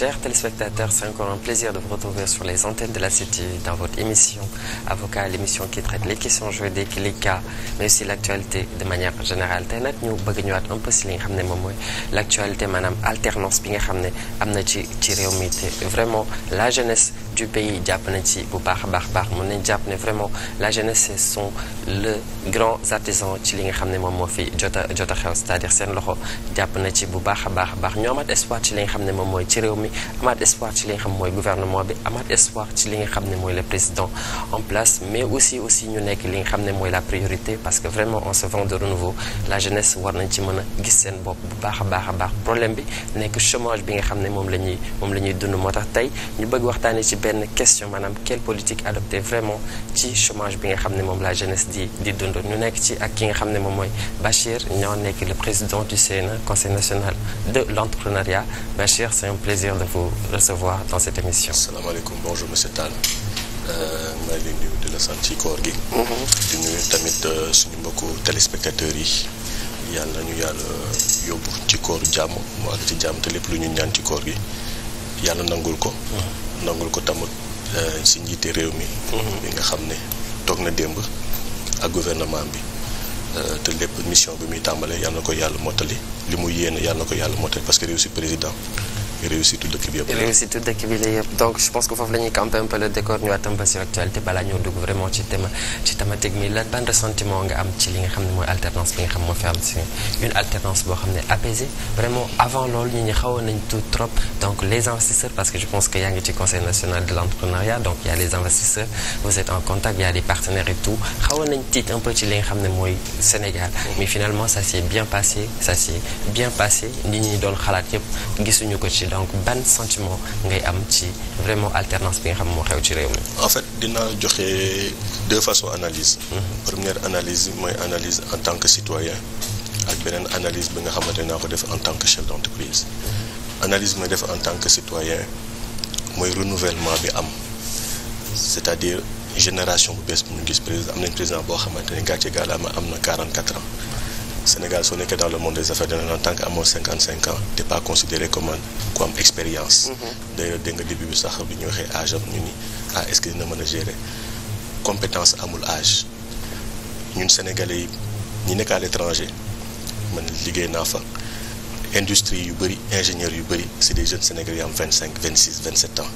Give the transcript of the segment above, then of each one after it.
Chers téléspectateurs, c'est encore un plaisir de vous retrouver sur les antennes de la CTV dans votre émission Avocat, l'émission qui traite les questions juridiques, les cas, mais aussi l'actualité de manière générale tey nag ñu un peu si li nga xam ne moom mooy l'actualité maanaam alternance bi nga xam ne am na ci ci vraiment la jeunesse du pays jàpp nañ ci bu baax a baax baax mun nañ jàpp ne vraiment la jeunesse sont le grand artisan ci li nga xam ne moom moo fi jota jota xew c'est-à-dire seen loxo jàpp na ci bu baax a baax a baax ñoo amaat espoir xam ne moom mooy ci réew mi amaat espoir ci xam ne mooy le président en ñu nekk li nga xam ne mooy la priorité parce que vraiment on se vend de renouveau la jeunesse war nañ ci mën a gis seen bopp a baax a bi nga xam ne moom la ñuy dund moo tax tey ñu bëgg waxtaanee ci benn benn question maanaam quelle politique adopter vraiment ci chômage bi nga xam ne moom la jeunesse di di dund ñu nekk ci ak ki nga xam ne moom mooy Bachir ñoo nekk le président du CNE conseil national de l'entrepreneuriat Bachir c'est un plaisir de vous recevoir dans cette émission. asalaamaaleykum bonjour monsieur Tall. Euh, maa ngi nuyu di la sant ci koor gi. Mm-hmm. di nuyu tamit euh, suñu mbokku téléspectateurs yi. na ñu yàlla yóbbu ci kooru jàmm ci jàmm lépp lu ñu ñaan ci koor gi yàlla nangul ko. Mm-hmm. nangul ko tamit euh, si njiite réew mi. Mhm. bi nga xam ne toog na démb ak gouvernement bi euh, te lépp mission bi muy tàmbalee yàlla na ko yàlla mottali li mu yéene yàlla ko yàlla mottali parce que réew si président. réussite dëkk bi yëpp. donc je pense que foofu la ñuy campé un peu le décor ñu waat un sur actualité balaa ñoo dugg vraiment ci thématique mi lan ban ressentiment nga am ci li nga xam ne mooy alternance bi nga xam moo fi am si une alternance boo xam ne apaisée vraiment avant loolu ñi ñu xawoon nañ tout trop donc les investisseurs parce que je pense que yaa ngi ci conseil national de l'entrepreneuriat donc il les investisseurs vous donc ban sentiment ngay am ci vraiment alternance bi nga xam moo xew ci réew mi. en fait dinaa joxe deux façons analyse. Mhm. première analyse mooy analyse en tant que citoyen. ak beneen analyse bi nga xamante naa ko def en tant que chef d'entreprise. analyse mooy def en tant que citoyen mooy renouvellement bi am c'est-à-dire génération bu bees bu ñu gis président am nañ président boo xamante ne gàcce a am na 44 ans. Sénégal soo nekkee dans le monde des affaires dana naan tant que amoo cinquante cinq ans t'es pas considéré comme ku expérience. Mm-hmm. d'ailleurs dégg nga début bi sax bi ñu waxee âge am ñu ni ah est-ce que dina mën a gérer compétence amul âge ñun sénégalais yi ñi nekk à man liggéey naa fa industrie yu bëri ingénieurs yu bëri c'est des jeunes sénégalais yu am vingt cinq vingt six vingt sept ans.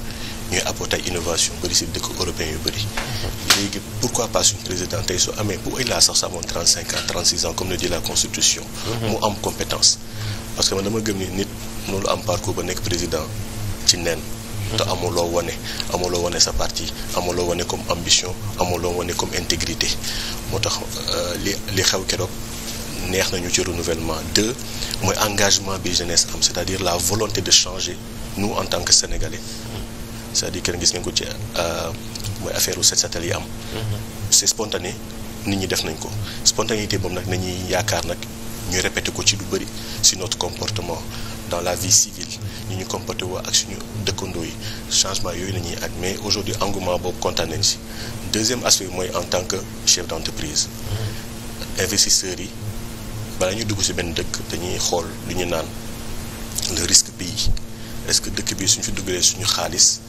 ñuy apporter ay innovation bëri si dëkk européen yu bëri léegi pourquoi pas suñu président tey su amee bu ëllëg sax sa amoon 35 ans 36 ans comme le dit la constitution mu am compétence parce que man dama gëm ni nit mënul am parcours ba nekk président ci nen te amuloo wane amuloo wane sa parti amuloo wane comme ambition amuloo wane comme intégrité moo tax euh, li li xew keroog neex nañu ci renouvellement de mooy engagement bi jeunesse am c'est-à-dire la volonté de changer nous en tant que sénégalais c'est-à-dire kenn gis ngeen ko ci euh, mooy affaire u set setal yi am. Mm-hmm. c'est spontané nit ñi def nañ ko spontanéité moom nag nañuy yaakaar nag ñu répété ko ci lu bëri si notre comportement dans la vie civile ñu ñu comporté woo ak suñu dëkkandoo yi changement yooyu la ñuy ak mais aujourd'hui engouement boobu kontaan nañ si deuxième aspect mooy en tant que chef d'entreprise mm-hmm. investisseurs yi balaa ñuy dugg si benn dëkk dañuy xool lu ñu naan le risque pays est-ce que dëkk bi suñ fi dugalee suñu xaalis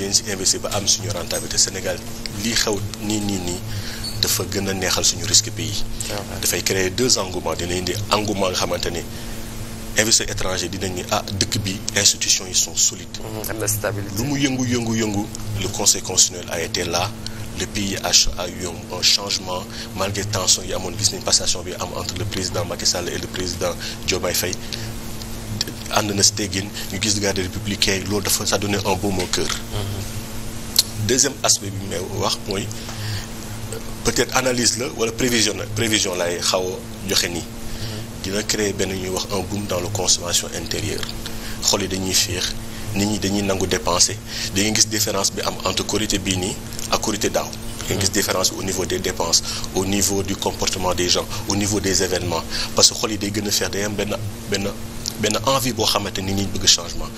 dinañ si investir ba am suñu rentabilité Sénégal lii xew nii nii nii dafa gën a neexal suñu risque pays. dafay créer deux engouements dina indi engouement nga xamante ni investisseurs étrangers dinañ ni ah dëkk bi institutions yi sont solides. Mmh, am lu mu yëngu yëngu yëngu le conseil constitutionnel a été là. le pays a eu changement malgré tension yi amoon gis nañ passation bi am entre le président Macky Sall et le président Diomaye Faye ànd na si teggin ñu gis garde républicain loolu dafa sa donné un baume au cœur. Mm-hmm. deuxième aspect bi may wax mooy peut-être analyse la wala prévision prévision lay xaw a joxe nii. Mm-hmm. dina créer benn ñuy wax un boom dans la consommation intérieure xol yi dañuy féex nit ñi dañuy nangu dépenser da nga gis différence bi am entre korité bii nii ak korité daaw. da nga gis mm-hmm. différence au niveau des dépenses au niveau du comportement des gens au niveau des événements parce que xol yi day gën a féex day benn benn. benn envie boo xamante ni ñu bëgg changement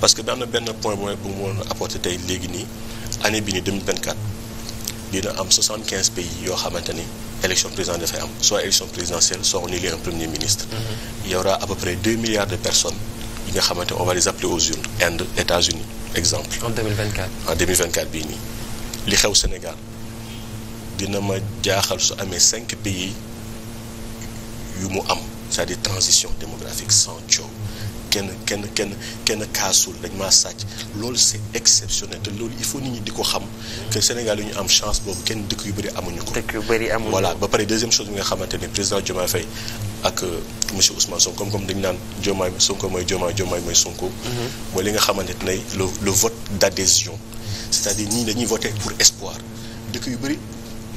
parce que am na benn point bu bu mu mën apporter tey léegi nii année bi nii 2024 dina am 75 pays yoo xamante ni élection présidentielle dafay am soit élection présidentielle soit on élit un premier ministre. Mm-hmm. il y aura à peu près 2 milliards de personnes yi nga xamante on va les appeler li xew Sénégal ma jaaxal su amee 5 pays yu mu am. c'est-à-dire transition démographique sans coow kenn kenn kenn kenn kaasul dañ maa sàcc loolu c'est exceptionnel te loolu il faut nit ñi di ko xam que Sénégal yi ñu am chance boobu kenn dëkk yu bëri amuñu ko. dëkk yu bëri amuñu ko voilà ba pare deuxième chose bi nga xamante ne président Diomaye Faye ak euh, monsieur Ousmane Sonko comme comme dañu naan Diomaye Sonko mm-hmm. mooy li nga xamante ne le le vote d'adhésion. c'est-à-dire ñii dañuy voter pour espoir dëkk yu bëri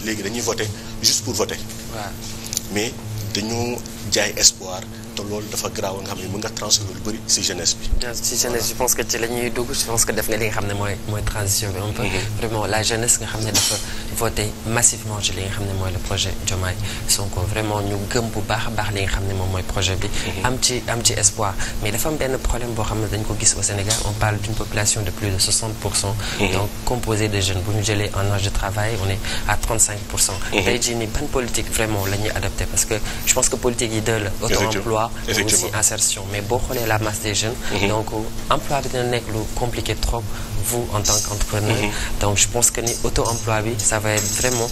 léegi dañuy voter juste pour voter. dañoo jaay espoir te loolu dafa garaaw nga xam ne mën nga bi. si nga xam ne mooy transition bi un mm-hmm. nga xam ne dafa voté massivement nga xam ne mooy le projet Diomaye Sonko vraiment ñu gëm bu baax a baax nga xam ne moom mooy projet bi. Mm-hmm. am ci espoir mais dafa am benn problème boo xam ne dañ ko gis au Sénégal on parle d'une population de plus de mm-hmm. donc composée de jeunes bu ñu jëlee en âge de travail on est à 35 pour vraiment la ñuy parce que je pense emploi mais aussi insertion mais boo xoolee la masse des jeunes mm -hmm. donc euh, emploi bi dina nekk trop vous en tant qu'entrepreneur mhm. donc je pense que ni auto emploi bi ça va être vraiment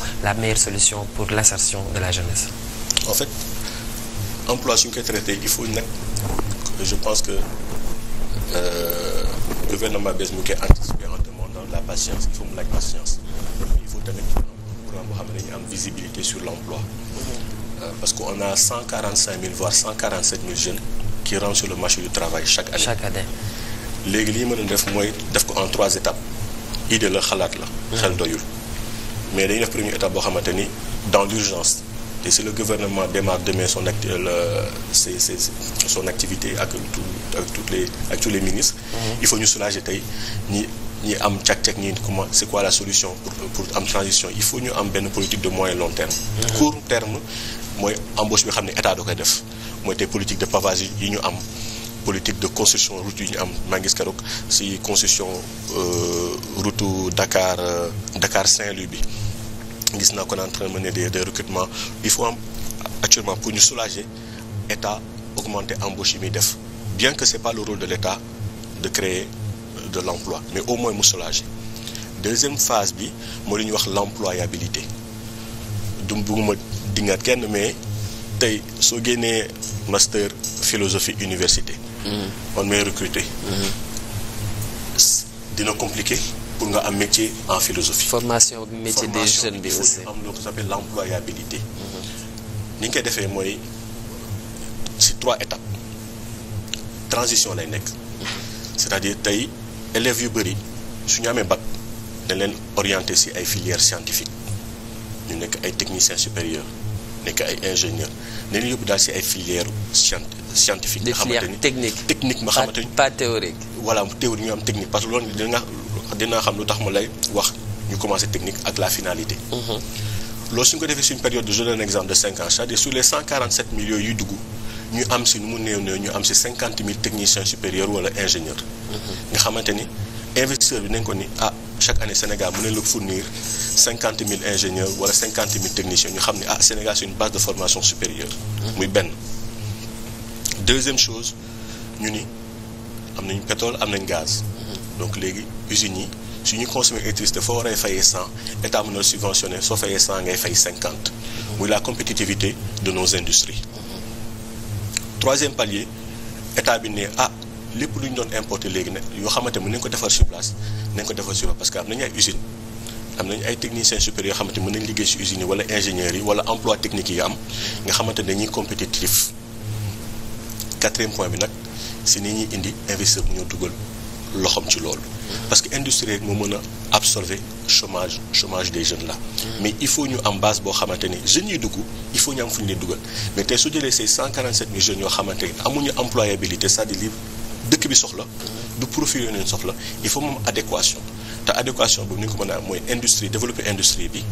solution pour l'insertion de la jeunesse en fait emploi su ñu koy traité il faut nag je pense que euh, gouvernement bés mu koy anticiper en la patience il faut mu patience il faut tamit programme boo xam ne dañu am visibilité sur l'emploi Euh, parce que on a cent quarante cinq mille voire cent quarante sept mille jeunes qui rentrent sur le marché du travail chaque année. léegi li ñu mën a def mooy def ko en trois étapes idée la xalaat la. xel doyul mais dañuy def première étape boo xamante ni dans l'urgence te si le gouvernement démarre demain son acti euh, le ses ses activité ak tout ak toutes les ak tous les ministres. Mhm. il faut ñu soulager tey ñi. am càq-càq ñi comment c'est quoi la solution pour pour am transition il faut ñu am benn politique de moyen long terme. Mhm. court terme mooy embauche bi xam ne état da koy def mooy tey politique de pavage yi ñu am politique de construction route yi ñu am maa ngis keroog si construction euh, route Dakar euh, Dakar Saint-Louis bi gis naa ko en train de mener des des il faut am actuellement pour ñu soulager état augmenter embauche yi muy def bien que c'est pas le rôle de l'état de créer euh, de l'emploi mais au moins mu soulager deuxième phase bi moo li ñu wax l'employabilité du bugguma dingaat kenn mais tey soo génnee master philosophie université. Mm-hmm. on may recruter. Mm-hmm. dina compliqué pour nga am métier en philosophie. formation métier des jeunes bi aussi am loo ko s'appelle l'employabilité. Mm-hmm. ni ñu koy defee mooy ci trois étapes transition lay nekk. cest à tey élèves yu bëri su ñu amee bac dañ leen orienté si ay filières scientifiques ñu nekk ay techniciens supérieurs. nekk ay ingénieur nañu yóbbu daal si ay filière scientifique nga xamante ni technique technique nga xamante ni loolu dina mhm. ko defee suñu période de je donne exemple de cinq ans c'est-à-dire cent quarante sept millions yuy dugg ñu am si nu mu néew néew ñu am si cinquante mille techniciens supérieurs wala ingénieurs mhm. nga xamante ni investisseur bi nañ ni ah chaque année Sénégal mën nañ la fournir cinquante mille ingénieurs wala cinquante mille techniciens ñu xam ne ah Sénégal c'est une base de formation supérieure. Mmh. muy benn deuxième chose ñu ni am nañ pétrole am nañ gaz. Mmh. donc léegi usines yi su ñuy consommer électricité foo waree faye cent état mën na subventionné soo fayee cent ngay fay cinquante. Mmh. muy la compétitivité de nos industries. troisième palier état bi ne ah lépp lu ñu doon importer léegi nag yoo xamante mën nañ ko defar sur place nañ ko defar sur place parce que am nañu ay usine am nañu ay techniciens supérieurs yoo xamante mën nañ liggéey si usines yi wala ingénieurs yi wala emploi technique yi am nga xamante dañuy compétitif quatrième point bi nag si ni ñuy indi investisseur bu ñoo dugal loxoom ci loolu parce que industrie rek moo mën a absorber chômage chômage des jeunes là mais il faut ñu am base boo xamante ne jeunes yi dugg il faut ñu am fu ñu dugal mais tey su jëlee say 147 000 yoo xamante ni amuñu employabilité c'est-à-dire dëkk bi soxla du profil yooyu leen soxla il faut moom adéquation te adéquation boobu ni ñu ko mën a mooy industrie développer industrie bi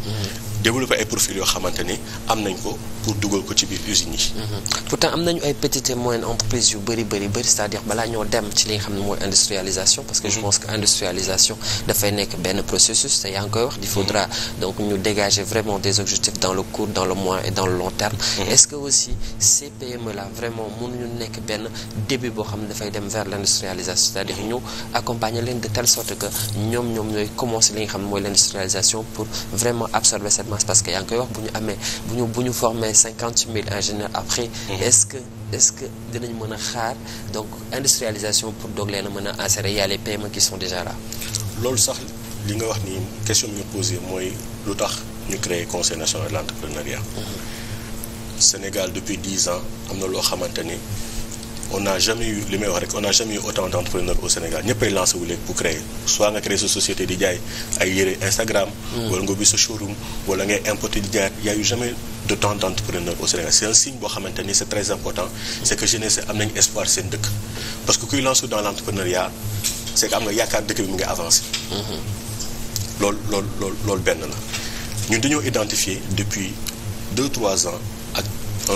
développer ay profils yoo xamante ni am nañ ko pour dugal ko ci biir usines yi. Mmh. pourtant am nañu ay petites et moyennes yu bëri bëri bëri c'est-à-dire balaa ñoo dem ci li nga xam ne mooy industrialisation parce que je mmh. pense que industrialisation dafay nekk benn processus te yaa ngi koy wax il faudra mmh. donc ñu dégager vraiment des objectifs dans le court dans le moyen et dans long terme. est-ce que aussi ces PME là vraiment mënuñu nekk benn début boo xam ne dafay dem vers l'industrialisation c'est-à-dire ñu accompagner leen de telle sorte mooy l'industrialisation pour vraiment masse parce que yaa ngi koy wax bu ñu amee bu ñu bu ñu formé cinquante mille ingénieurs après. Mhm. est-ce que est-ce que dinañ mën a xaar donc industrialisation pour doog leen a mën a insérer y a les PME qui sont déjà là. loolu sax li nga wax ni question bi ñu posé mooy lu tax ñu créer conseil national de l'entrepreneuriat. Mhm. Sénégal depuis dix ans am na loo xamante ni. on n'a jamais eu li may wax rek on n'a jamais eu autant d'entrepreneurs au Sénégal ñëppay lancé wu créer soit nga créer sa société di jaay ay yére Instagram. Hmm. wala nga ubbi sa showroom wala ngay importer di jaay y a eu jamais de temps d'entrepreneur au Sénégal c'est un signe boo xamante ni c'est très important c'est que jeunesse am nañu espoir seen dëkk parce que kuy lancer dans l'entrepreneuriat c'est que am nga yaakaar dëkk bi mu ngi avancer. loolu hmm. loolu loolu benn la ñun dañoo identifier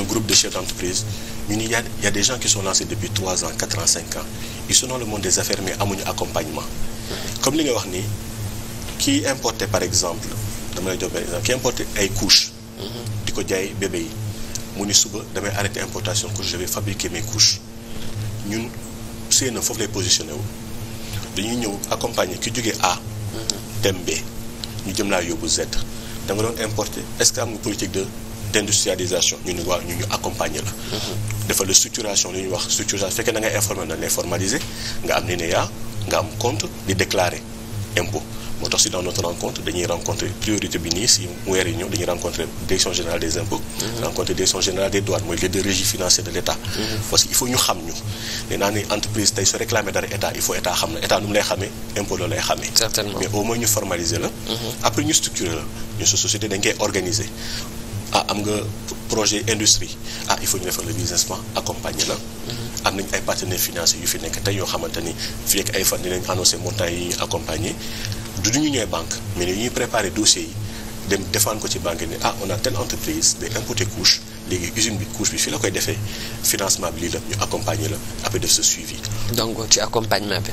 groupe de chefs d'entreprise. ñu ni yaa y' a des gens qui sont lancés depuis trois ans quatre ans cinq ans ils sont dans le monde des affaires mais amuñu accompagnement comme li nga wax ni kii importé par exemple damay lay jox exemple kii importé ay couches di ko jaay bébé yi mu ni suba damay arrêté importation couche je vais fabriquer mes couches ñun séena foofu lay positionné wu dañuy ñëw accompagner ki jógee A dem B ñu jëm laa yóbbu Z da nga doon importé est-ce que am nga politique d'industrialisation ñu ne waaw ñu ñu accompagner la mhm. dafa la structuration li ñuy wax structuration fekkee da ngay informel lay formaliser nga am NINEA nga am compte di déclarer impôt moo tax si dans notre rencontre dañuy rencontrer priorité bi nii si weer yi ñëw dañuy rencontrer direction générale des impôts mhm. rencontrer direction générale des douanes mooy les deux régies financières de l'État mhm. parce que il faut ñu xam ñu nee naa ni entreprise tey su réclamer ah am nga projet industrie ah il faut ñu defal le business plan accompagner la. Mm-hmm. am nañ ay partenaires financiers yu fi nekk te yoo xamante ni fi ak ay fan dinañ annoncé montant yi ñuy accompagner du ñu ñooy banque mais ni ñuy préparer dossier yi dem defaan ko ci banque ni ah on a telle entreprise day importer couche léegi usine bi couche bi la koy defee financement bi lii la ñu accompagner la après def sa suivi. donc ci accompagnement bi.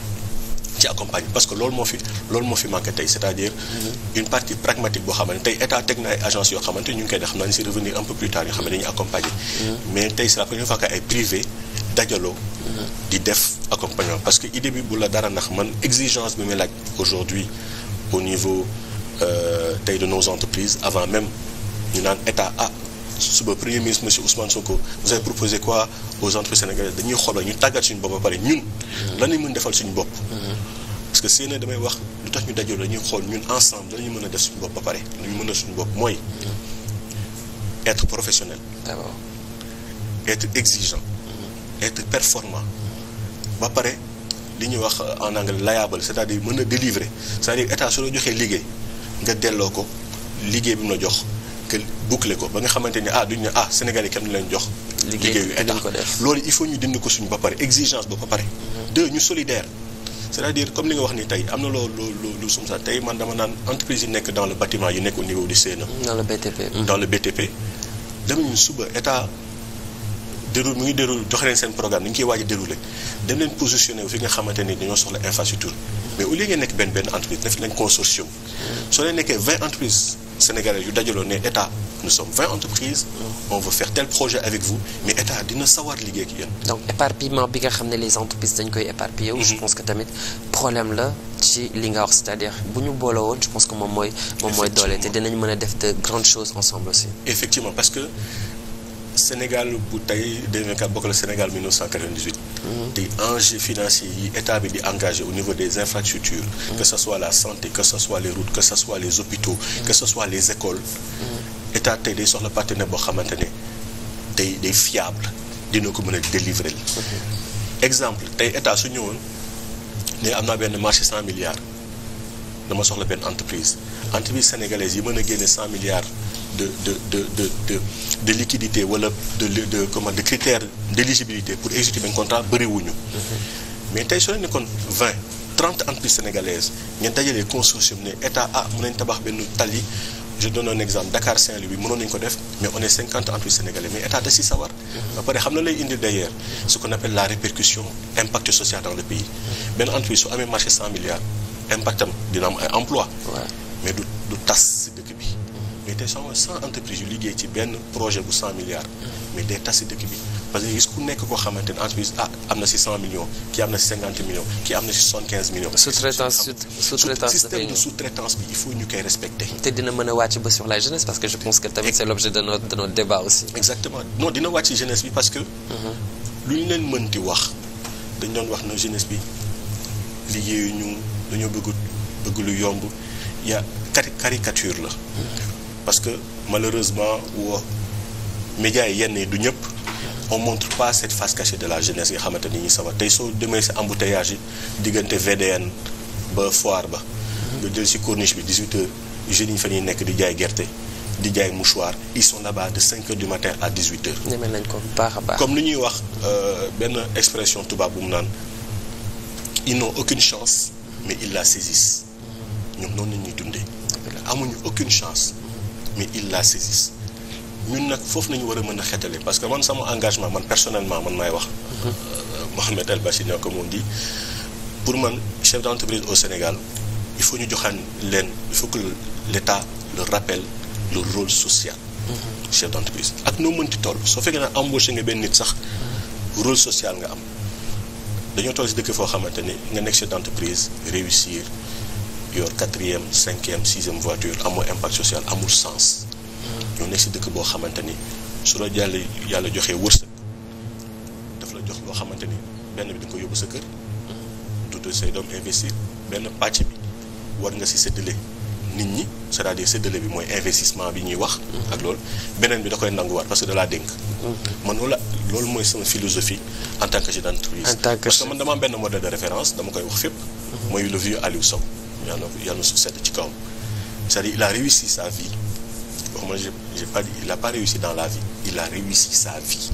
ci accompagnement parce que loolu moo fi loolu moo fi manqué tey c'est-à-dire mm-hmm. une partie pragmatique boo xamante tey état teg na agence yoo xamante ñu ngi koy def xam naa si revenir un peu plus tard yoo xam ne dañuy accompagner mm-hmm. mais tey c'est la première fois que ay privé dajaloo mm-hmm. di def accompagnement parce que idée bi bu la dara ndax man exigence bi muy laaj aujourd'hui au niveau euh, tey de nos entreprises avant même ñu naan état ah suba premier ministre monsieur Ousmane Sonko vous avez proposé quoi aux entreprises sénégalaises dañuy xool ñu tàggat suñu bopp ba pare ñun. lan lañ mën defal suñu bopp. parce que seen damay wax lu tax ñu dajul dañuy xool ñun ensemble danañu mën a def suñu bopp ba pare lu ñu mën a suñu bopp mooy. être professionnel. d'abord être performant. ba pare li ñuy wax en anglais liable c'est-à-dire mën a délivrer c'est-à-dire état su la joxee liggéey nga delloo ko liggéey bi mu la jox. boucler ko ba nga xamante ni ah duñ ne ah Sénégal yi kenn du leen jox. liggéeyu état loolu il faut ñu dindi ko suñu ba pare exigence ba pare. Mm-hmm. deux ñu solidaire. c'est-à-dire comme li nga wax ni tey am na loo loo loo sum sax tey man dama naan entreprise yu nekk dans le bâtiment yi nekk au niveau du CNE. dans le mm-hmm. état déroul mu ngi déroul joxe leen seen programme ni ñu koy waaj a dem leen positionné fi nga xamante ni dañoo soxla infrastructure mais au lieu ngeen nekk benn benn entreprise def leen consortium. Mm-hmm. soo leen nekkee vingt entreprises sénégalaises yu dajaloo ne état. nous sommes vingt entreprises euh, on veut faire tel projet avec vous mais état dina sawar liggéey ak yéen donc éparpillement bi nga xam ne les entreprises dañ koy éparpiller wu je mhm. pense que tamit problème la ci li nga wax c'est-à-dire bu ñu booloo woon je pense que moom mooy moom mooy doole te dinañ mën a def de grandes choses ensemble aussi effectivement parce que Sénégal bu tey 2024 bokk la Sénégal 1998. Mhm. te enjeux financiers yi état bi di engagé au niveau des infrastructures. Mhm. que ce soit la santé que ce soit les routes que ce soit les hôpitaux. état tey day soxla partenaire boo xamante ne day day fiable dina ko mën a délivrer mm-hmm. exemple tey état su ñëwoon ne am naa benn marché cent milliards dama soxla benn entreprise entreprise sénégalaise yi mën a génne cent milliards de de de de de de liquidité wala de de comment de critères d'éligibilité pour exécuter benn contrat bëriwuñu mm-hmm. mais tey soo leen ne kon vingt trente entreprises sénégalaises ngeen dajalee consortium ne état ah mën nañ tabax benn tali je donne un exemple Dakar Saint-Louis mënoon nañu ko def mais on est cinquante entreprises sénégalais mais état da si sawar. ba pare xam na lay indil derrière ce qu'on appelle la répercussion impact social dans le pays. benn entreprise su amee marché cent milliards impact am dina am ay emploi mais du du tas si dëkk bi. mais te soo amee cent entreprises yu liggéey ci benn projet bu cent milliards. mais day tas si dëkk bi. parce que gis ku nekk koo xamante ne entreprise ah am na si 100 millions kii am na si 50 millions kii am na si 75 millions. bi il ñu koy respecter. te dina mën a wàcc ba sur la jeunesse parce que je pense que tamit c'est l'objet de débat aussi. exactement non dina wàcc jeunesse bi parce que. Mm-hmm. lu ñu leen mën wax dañ doon wax na jeunesse bi liggéeyu ñu dañoo bëgg bëgg lu yomb ya cari caricature la. Mm-hmm. parce que malheureusement woo médias yi yenn du ñëpp. on montre pas cette face cachée de la jeunesse nga xamante ni ñuy sawar tey soo demee si embouteillage yi diggante VDN ba foire ba. nga jël si corniche bi 18 heures jeunes yi fa ñuy nekk di jaay gerte di jaay mouchoir ils sont là-bas de 5 heures du matin à 18 heures. ñeme nañ ko bu baax a baax. comme lu ñuy wax euh, benn expression tubaab bu mu naan ils n'ont aucune chance mais ils la saisissent ñoom noonu la ñuy dundee. amuñu aucune chance mais ils la saisissent. ñun nag foofu nañu war a mën a xetale parce que man sama engagement man personnellement man maay wax mhm. Mohamed El Bachir ñoo ko moom di pour man chef d'entreprise au Sénégal il faut ñu joxaan leen il faut que l'État le rappelle le rôle social mhm. chef d'entreprise ak noo mënti toll soo fekkee naa embauché nga benn nit sax mhm. rôle social nga am dañoo toll si dëkk foo xamante ni nga nekk chef d'entreprise réussir yor quatrième cinquième sixième voiture amoo impact social amul sens ñoo nekk si dëkk boo xamante ni su la jàll yàlla joxee wërsëg daf la jox loo xamante ni benn bi di ko yóbbu sa kër tudd say doom investir benn pàcc bi war nga si séddale nit ñi c'est-à-dire bi mooy investissement bi ñuy wax ak loolu beneen bi da koy nanguwaat parce que da laa dénk man loolu mooy sama philosophie en tant que chef d'entreprise parce que man dama am benn modèle de référence dama koy wax fépp mhm. mooy le vieux Aliou Sow yàlla na yàlla na su sedd ci kawam c'est-à-dire il réussi sa vie moi j'ai j'ai pas dit il a pas réussi dans la vie il a réussi sa vie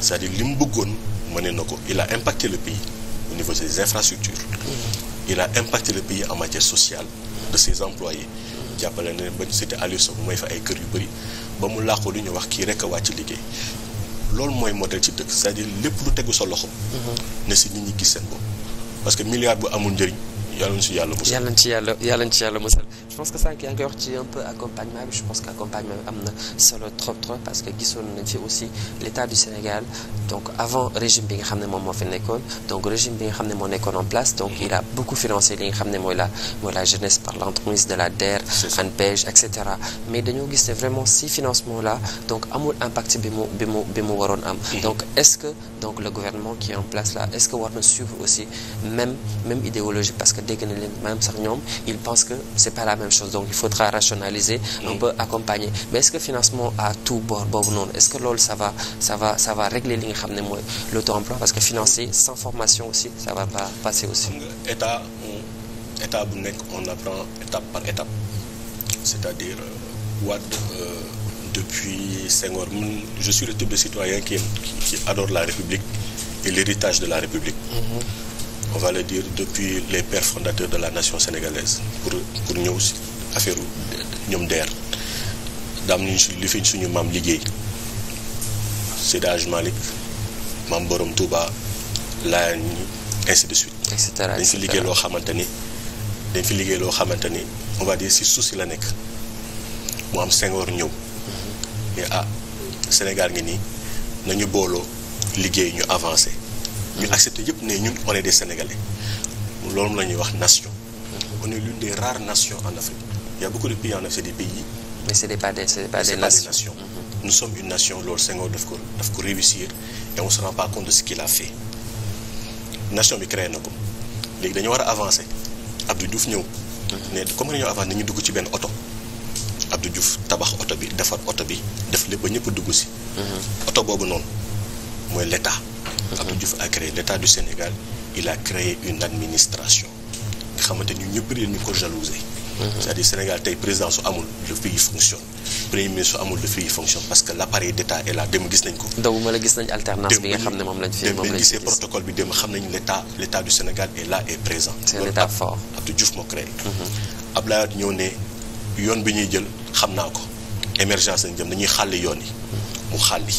c'est-à-dire li mu bëggoon mëne na ko il a impacté le pays au niveau des infrastructures il a impacté le pays en matière sociale de ses employés jàppale na ba c'était Aliou mooy fa ay kër yu bëri ba mu làqoo lu ñu wax kii rek a wàcc liggéey loolu mooy modèle ci dëkk c'est-à-dire lépp lu tegu sa loxo. Mhm. ne si nit ñi gis seen bopp parce que milliard bu amul njëriñ yàlla na ci yàlla musal yàlla je pense que sànq yaa un peu accompagnement je pense que accompagnement bi am trop trop parce que gisoon nañ fi aussi l'état du Sénégal avant régime bi nga xam ne moo fi nekkoon donc régime bi nga xam en place il a beaucoup financé li nga xam ne mooy la mooy la jeunesse par l'entremise de la DER ANPEJ et cetera mais dañoo gis ne vraiment si financement là donc impact bi mu bi am mm-hmm. est le gouvernement qui est en place là est-ce que war na dégg na leen maanaam sax ñoom ils pensent que c'est pas la même chose donc il faudra rationaliser un peu accompagner mais est-ce que financement à tout bord boobu noonu est-ce que loolu ça va ça va li nga xam ne mooy l'auto-emploi parce que financer sans formation aussi ça va pas passer aussi état état bu nekk on apprend étape par étape c'est-à-dire euh, Wade euh, depuis Senghor man je suis le type de citoyen qui, qui, la République et l'héritage de la République mm-hmm. on va le depuis les pères fondateurs de la nation sénégalaise pour pour ñëw si affaire ñoom deer daam ñu si li suñu maam liggéey Seydi Hadji Malick maam Borom Touba Laayeen ñi ainsi de suite. dañ fi liggéey loo xamante ni dañ fi liggéey loo xamante ni on va dire si suuf si la nekk mu am sengoor ñëw mm-hmm. mais ah Sénégal ngi nii nañu booloo liggéey ñu avancé. ñu accepté yëpp ne ñun on est des sénégalais loolu la ñuy wax nation. on est l'une des rares nations en Afrique il y a beaucoup de pays en Afrique c'est des pays. Mm-hmm. nation loolu Senghor daf ko daf ko réussir et on se rend pas compte de ce nation bi créé na ko léegi dañu war a avancer abdu Diouf ñëw. ne mm-hmm. comme dañoo avancer nañu dugg ci benn oto. abdu Diouf tabax oto bi defar oto bi def lépp ba ñëpp dugg si. Mm-hmm. oto boobu noonu mooy l'État. Abdou Diouf a créé l'état du Sénégal il a créé une administration nga xamante ni ñëpp réer ñu ko jalousé mhm. c'est-à-dire Sénégal tey président su amul le pays fonctionne premier ministre su amul le pays fonctionne parce que l'appareil d'état est là dem gis nañ ko donc ma la gis nañ alternance bi nga xam ne moom lañ fi dem lañ gisee protocole bi dem xam nañ l'état l'état du Sénégal est là et présent c'est mhm. ne yoon bi ñuy jël xam naa ko émergence lañ jëm dañuy xàlli yoon yi mhm. mu xàlli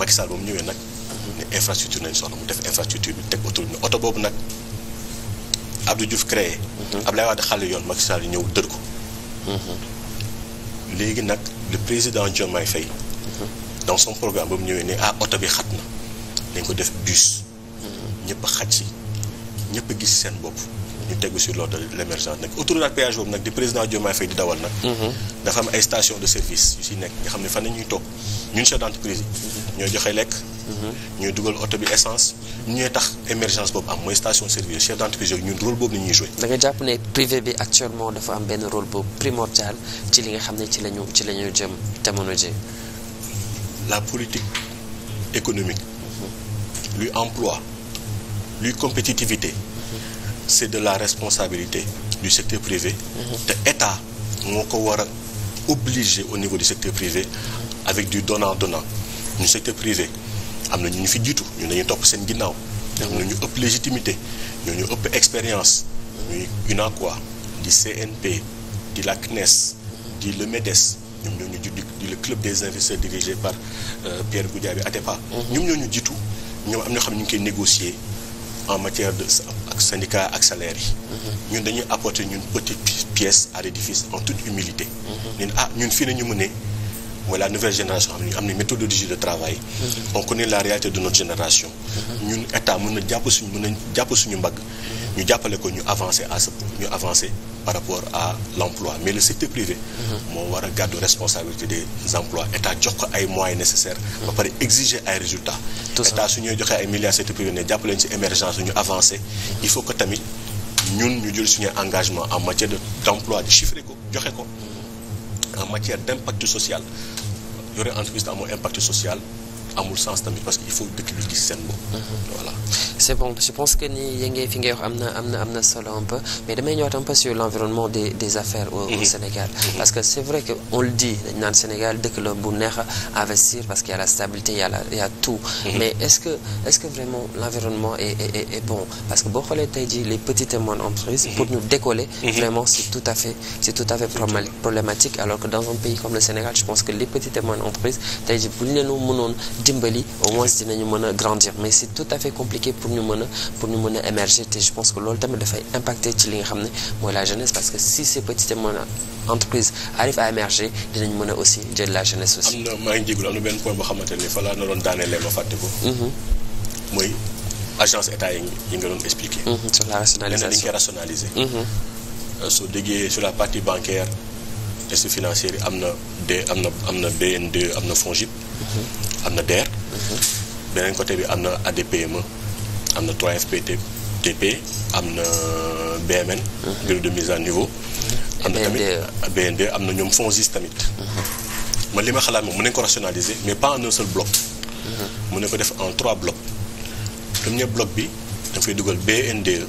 Macky Sall ba mu ñëwee nag ne infrastructure nañu soxla mu def infrastructure bi teg autoroute oto boobu nag Abdou Diouf créé. Mhm. Abdoulaye Wade xàll yoon Macky ñëw dër ko. Mhm. léegi nag le président Diomaye Faye. Mhm. dans son programme ba mu ñëwee nii ah oto bi xat na dañ ko def bus. ñëpp a xaj si ñëpp gis seen bopp. ñu tegu sur l'ordre de l'émergence nag autoroute ak péage boobu nag di président Diomaye Faye di dawal nag mhm. dafa am ay station de service yu si nekk nga xam ne fan la ñuy toog ñun chef d'entreprise yi mhm. ñooy joxe lekk mhm. ñooy dugal oto bi essence ñooy tax émergence boobu am mooy station service chef d'entreprise yooyu ñun rôle boobu la ñuy joué da jàpp ne privé bi actuellement dafa am benn rôle boobu primordial ci li nga xam ne ci lañu ci la ñu jëm jamono ji la politique économique luy emploi luy compétitivité c'est de la responsabilité du secteur privé mhm. te état moo ko war a obligé au niveau du secteur privé avec du donnant donnant ñu secteur privé am na ñu ñu fi jiitu ñu ñu topp seen ginnaaw am mhm. na ñu ëpp légitimité ñoo ñu ëpp expérience ñuy UNACOIS di CNP di la CNES di le MEDES ñoom ñoo ñu jiitu di le club des investisseurs dirigé par euh, Pierre Goudiaby Atepa mhm. ñoom ñoo ñu jiitu ñoom am na xam ne ñu ngi koy négocier en matière de ak syndicat ak salaire yi mm-hmm. ñun dañuy apporter ñun petite pièce à l'édifice en toute humilité mm-hmm. ñun ah ñun fii nañu mënee mooy la nouvelle génération xam ne am na méthodologie de travail mm-hmm. on connaît la réalité de notre génération ñun état mën na jàpp suñu mën na jàpp suñu mbagg ñu jàppale ko ñu avancer à ce ñu avancer par rapport à l'emploi mais le secteur mhm. moo war a gàddu responsabilité des emplois état jox ko ay moyens nécessaires mhm. ba pare exiger ay résultats état su ñuy joxee ay milliards secteur privé ne jàppaleen ci émergence ñu avancé il faut que tamit ñun ñu jël suñu engagement am matière de d'emploi di chiffrer ko joxe ko en matière d'impact social yore entreprise te amoo impact social amul sens tamit parce que faut dëkk mhm. c'est bon je pense que ni yëngee fi ngay wax am am na am na solo un peu mais damay ñëwaat un peu sur l'environnement des affaires au, mhm. Sénégal. Mhm. parce que c'est vrai que a investir que est que vraiment l'environnement est est est bon parce que boo xoolee tey jii les petites et moyennes entreprises. pour ñu décoller. vraiment c'est tout à fait problématique alors que dans un pays comme le Sénégal je pense que les petites et entreprises tey jii bu ñu dimbali au moins dinañu mën a grandir mais c'est tout à fait compliqué pour ñu mën a pour ñu mën a émerger te je pense que loolu tamit dafay impacter ci li nga xam ne mooy la jeunesse parce que si ces petites entreprises arrivent à émerger dinañ mën a aussi jël la jeunesse am na maa ngi jégalu am na benn point mhm. mhm, mhm. euh, am na D am na DER. beneen côté bi am na ADPME am na 3FPT TP am na BMN. bureau de mise à niveau. am na e. tamit BND e, am na ñoom FONSIS tamit. ma li ma xalaat moom mën nañu ko rationaliser mais pas en un seul bloc. mën na ko def en trois blocs. premier bloc bi dafay dugal BNDE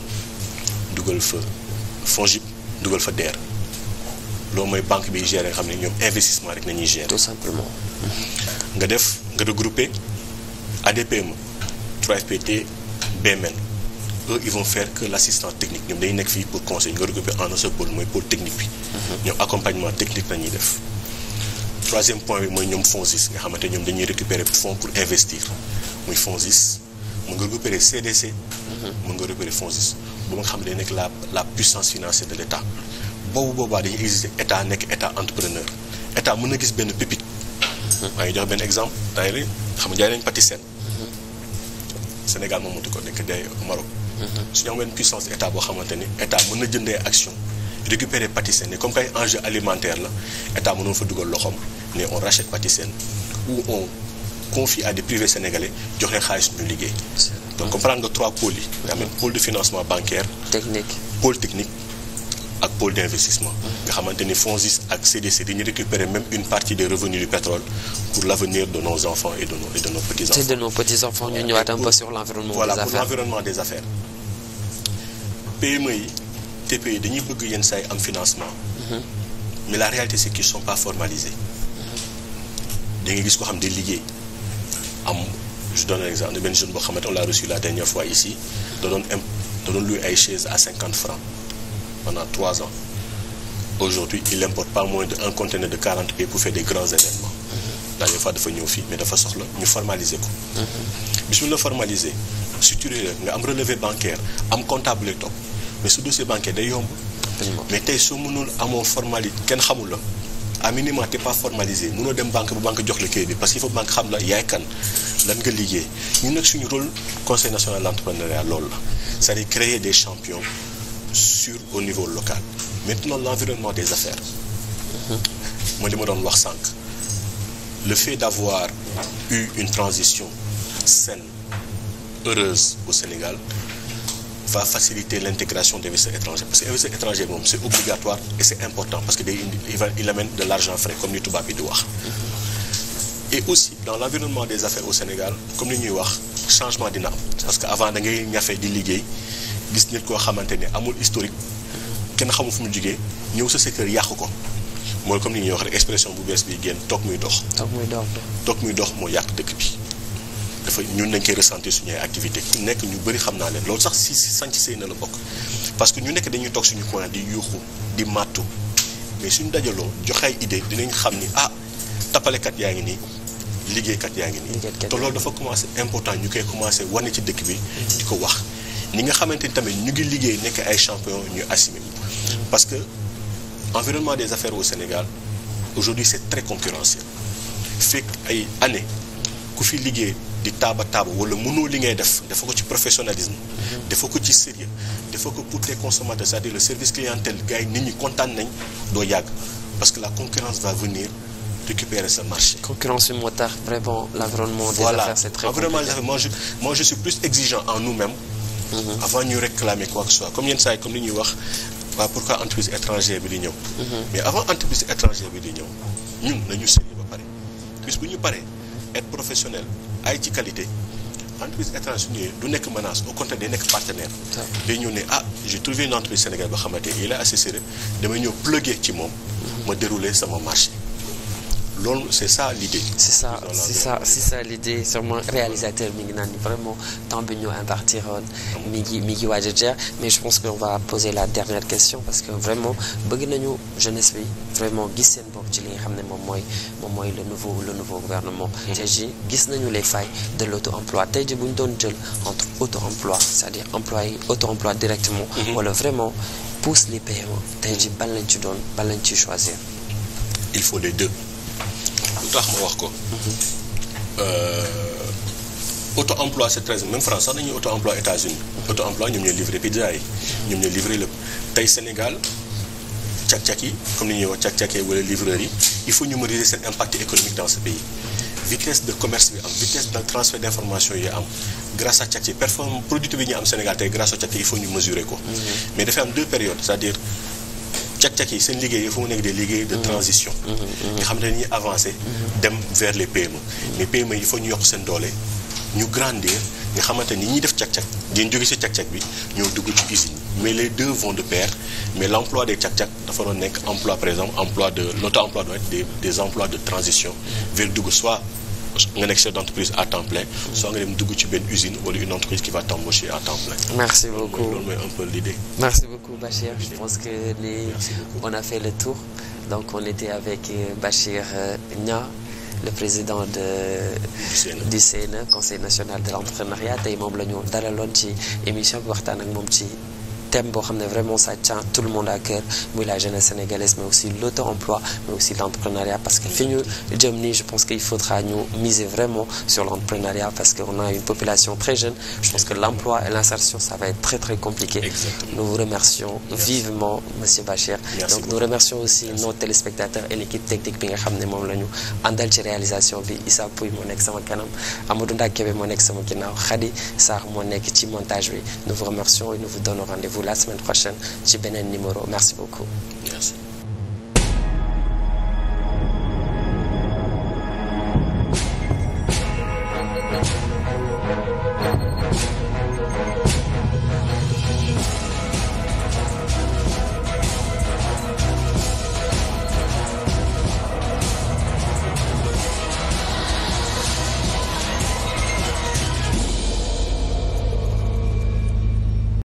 dugal fa FONGIP dugal fa DER. loolu mooy banque bi gérer nga xam ne ñoom investissement rek nañuy gérer. tout simplement. nga def nga regrouper ADPME 3FPT BMN eux ils vont faire que l' technique ñoom dañu nekk fii pour conseil nga regrouper en un pour pôle mooy pôle technique bi. Mhm. ñoom accompagnement technique la ñuy def. troisième point bi mooy ñoom FONSIS nga xamante ñoom dañuy récupérer fonds pour investir muy FONSIS mun nga récupérer CDC. mun mhm. nga récupérer FONSIS ba nga xam ne nekk la la puissance financière de l' État. boobu boobaa dañuy exister état nekk état entrepreneur état mën na gis benn pépite. maa ngi jox benn exemple daay xam nga jaay nañu pâtisserie. Sénégal moom mënut ko nekk jaay Maroc. su ñu am benn puissance état boo xamante ni état mën na jëndee action récupérer pâtisserie comme kay enjeu alimentaire la état mënoon fa dugal loxoom ne on rachète pâtisserie ou on confie à des privés sénégalais jox leen xaalis ñu liggéey. donc nga trois pôles yi. nga xam ne pôle de financement bancaire. technique pôle technique. ak pôle d'investissement nga xamante ni FONSIS ak CDC dañuy récupérer même une partie des revenus du pétrole pour l'avenir de nos enfants et de nos petits enfants. et de nos petits enfants ñu ñëwaat un peu e e yi dañuy bëgg yenn saa yi am financement. Mhm. mais la réalité c'est qu'ils sont pas formalisés. Mhm. da gis ko xam ne liggéey am je donne un exemple benn jeune boo xamante l'a reçu la dernière fois ici da doon da ay chaises à cinquante francs. pendant trois ans. Aujourd'hui, il importe pas moins d'un conteneur de 40 pays pour faire des grands événements. daañu fa dafa ñëw fii mais dafa soxla ñu formaliser ko. bis ñu la formaliser structurer nga am relevé bancaire am comptable topp su dossier bancaire day yomb. mais tey soo mënul amoo formalité kenn xamul la à minima t'es pas formalisé mënoo dem banque bu banque jox la kayit bi parce que il faut banque xam la yaay kan lan nga liggéey ñu nekk suñu rôle conseil national d'entrepreneuriat loolu la cest à des champions. sur au niveau local maintenant l'environnement des affaires mhm. moo li ma doon wax sànq le fait d'avoir eu une transition saine heureuse au Sénégal va faciliter l'intégration d'investisseurs étrangers parce que investisseurs étrangers moom c'est obligatoire et c'est important parce que day va il amène de l'argent frais comme ni tubaab bi di wax mhm. et aussi dans l'environnement des affaires au Sénégal comme ni ñuy wax changement dina parce que avant da ngay ñafe di liggéey gis nit koo xamante ne amul historique kenn xamul fu mu jugee ñëw sa secteur yàq ko mooy comme ni ñuy wax rek expression bu bees bii génn toog muy dox. toog muy dox toog muy dox moo yàq dëkk bi. dafa ñun nañ koy ressentir suñu activité ku nekk ñu bëri xam naa leen loolu sax si sanc sëy na la bokk parce que ñu nekk dañuy toog suñu coin di yuuxu di màttu mais suñu dajaloo joxe ay idée dinañ xam ni ah tapalekat yaa ngi nii liggéeykat yaa ngi nii te loolu dafa commencé important ñu koy commencé wane ci dëkk bi di ko wax ni nga xamante ni tamit ñu ngi liggéey nekk ay champion ñu assumer parce que environnement des affaires au Sénégal aujourd'hui c'est très concurrentiel fekk ay année ku fi liggéey di taaba taaba wala mënoo li ngay def dafa ko ci professionnalisme dafa ko ci sérieux dafa ko pour les consommateurs c'est-à-dire le service clientèle gars yi nit ñi kontaan nañ doo yàgg parce que la concurrence va venir récupérer ce marché. concurrence moo tax vraiment l'environnement des affaires c'est très compliqué voilà environnement en nous-mêmes Mm-hmm. avant ñu réclamer quoi que ce soit comme yenn saa yi comme li ñuy wax waaw pourquoi entreprise étrangère bi di ñëw. Mm-hmm. mais avant entreprise étrangère bi di ñëw ñun nañu sérieux ba pare bis bu ñu paree être professionnel ay ci qualité entreprise étrangère du nekk menace au contraire day nekk partenaire. day ñëw ne ah j'ai trouvé une entreprise sénégalaise ba xamante il est assez sérieux damay ñëw plugué ci moom. Mm-hmm. ma déroulé sama marché. loolu c'est ça l'idée c'est ça c'est ça c'est réalisateur mi ngi naan vraiment temps bi ñu impartiroon euh, mi a jeex mais je pense que on va poser la dernière question parce que vraiment bëgg nañu jeunesse bi vraiment gis seen bopp ci li nga xam ne moom mooy moom mooy le nouveau le nouveau gouvernement mm-hmm. tey ji gis nañu les failles de l'auto-emploi tey ji bu ñu doon jël entre auto-emploi c'est-à-dire emploi yi auto-emploi directement mm-hmm. vraiment pousse les PME tey ji ban lañ ci doon ban lañ ci choisir il faut les deux lu tax ma wax ko. Euh, auto emploi c'est très auto emploi États-Unis auto emploi ñoom ñooy livré pizza yi ñoom ñooy livré lépp tey Sénégal càq-càq yi comme ni ñuy wax càq-càq yi wala il faut ñu mémoriser seen impact économique dans ce pays vitesse de commerce bi am vitesse de transfert d'information yi am grâce à càq yi performance productivité bi ñu am Sénégal tey grâce à càq yi il faut ñu mesurer ko mm-hmm. mais dafay am deux périodes c'est-à-dire càq-càq yi seen liggéey dafa mu nekk des liggéey de transition mm-hmm. Mm-hmm. nga xam ne dañuy avancer dem vers les PME mais PME yi fa ñu yokk seen doole ñu grandir nga xamante ni ñi def càq-càq dinañ jóge si càq-càq bi ñoo dugg ci usine mais les deux vont de pair mais l'emploi des càq-càq dafa doon nekk emploi par exemple emploi de l'auto-emploi doit être des des emplois de transition vers dugg soit nga nekk chef d'entreprise à temps plein soo nga dem dugg ci benn usine wala une entreprise qui va t'embaucher à temps plein merci beaucoup loolu mooy un peu l'idée merci Bachir. Je pense que les on a fait le tour. Donc on était avec euh, Bachir euh, Nia le président de du CNE conseil national de l'entrepreneuriat tey moom la ñu dalaloon ci émission bi waxtaan ak moom ci thème boo xam ne vraiment ça tient tout le monde à cœur la jeunesse sénégalaise mais aussi l'auto-emploi mais aussi l'entrepreneuriat parce que fi ñu jëm nii je pense qu'il faudra ñu miser vraiment sur l'entrepreneuriat parce que on a une population très jeune je pense que l'emploi et l'insertion ça va être très très compliqué Exactement. nous vous remercions vivement monsieur Bachir donc nous remercions aussi nos téléspectateurs et l'équipe technique bi nga xam ne moom la ñu àndal ci réalisation bi Issa Pouy moo nekk sama kanam Amadou Ndakebe moo nekk sama ginnaaw Khady Sarr moo nekk ci montage bi vous la semaine prochaine ci beneen numéro merci beaucoup merci